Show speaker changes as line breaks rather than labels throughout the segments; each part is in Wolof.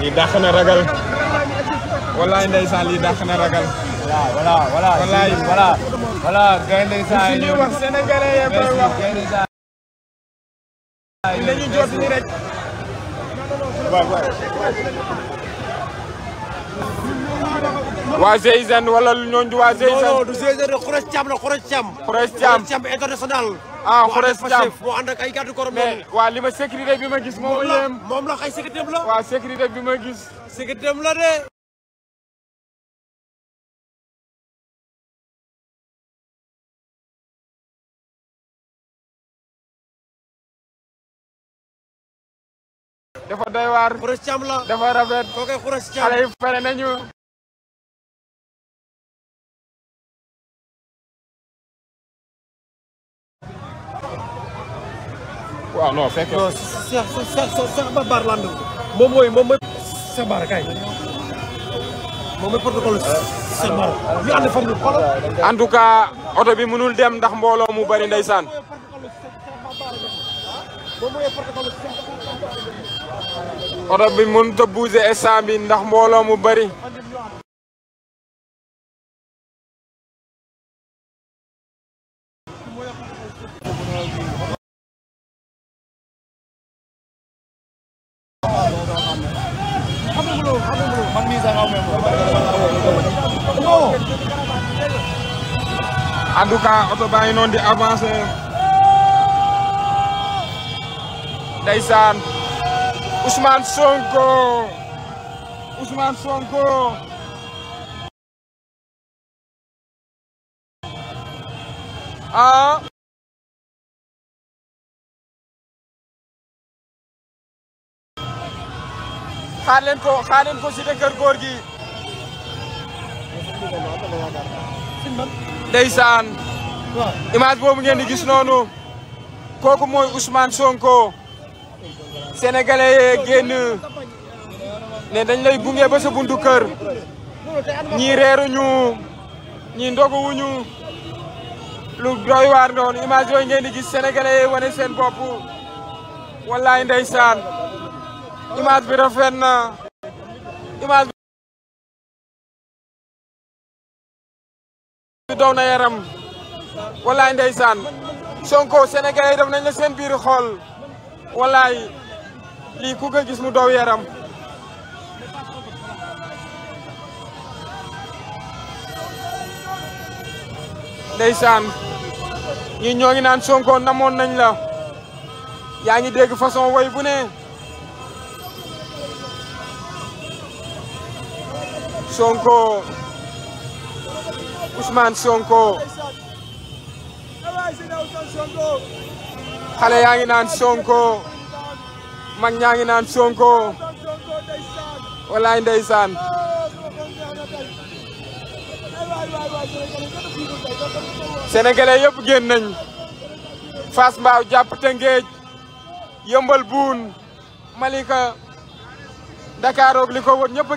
lii dàq na ragal wallaay ndeysaan lii dàq na ragal. voilà voilà wallaay voilà. voilà gaynde saa yi wax sénégalais yee koy wax gaynde saa yi dañu jot ni rek. waa Zeyzen wala ñooñu waa Zeyzen. non non du Zeyzen de Khoureys Thiam la Khoureys Thiam. Khoureys Thiam international. ah Khoureyssi Thiam moo ànd ak ay gàddu korom mais waaw li ma sécurité bi ma gis moo ma yéem moom la ay sécurité am la waaw sécurité bi
ma gis sécurité la de dafa doy waar Khoureyssi Thiam la dafa rafet kooku Khoureyssi Thiam xale yi fere nañu
waaw non fekk non tout cas oto bi mënul dem ndax mbooloo mu bari ndeysaan. oto bi mënut a bouger instant bi ndax mbooloo mu bari. man mii sax non. ngi noonu di avancé. ndeysaan Ousmane Sonko Ousmane Sonko.
ah. xaar
leen ko xaar leen ko cité kër góor gi. ndeysaan. image boobu ngeen di gis noonu. kooku mooy Ousmane Sonko. sénégalais yee ne dañ lay gunge ba sa buntu kër. ñii reeruñu ñii ndoguwuñu lu doy waar noonu image yooyu ngeen di gis sénégalais yee wane seen bopp. wallaay ndeysaan. image bi rafet na image bi daw na yaram wallaay ndeysaan Sonko sénégalais yi def nañ la seen biir xool wallaay lii ku ko gis mu daw yaram ndeysaan ñi ñoo ngi naan Sonko namoon nañ la yaa ngi dégg façon woy bu ne Sonko Ousmane Sonko xale yaa ngi naan Sonko mag ñaa ngi naan Sonko wallaay ndeysaan sénégalais yëpp génn nañ Fass Mbao jàpp Tëngéej yëmbal buun Malika Dakar ak li ko ñëpp a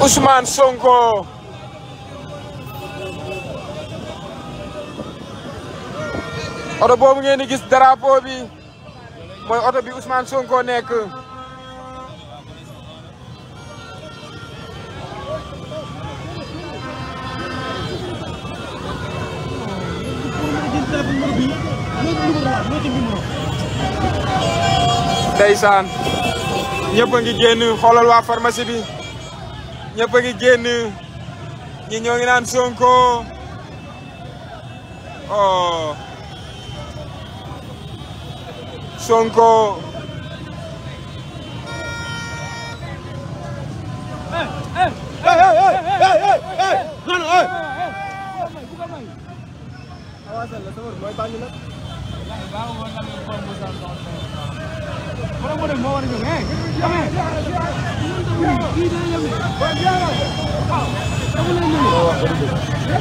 Ousmane Sonko oto boobu ngeen gis drapeau bi mooy oto bi Ousmane Sonko nekk ndeysaan ñëpp a ngi génn xoolal waa pharmacie bi ñëpp a ngi génn ñi ñoo ngi naan Sonko oh Sonko. moo def moo war a jóg eh amee kii day yem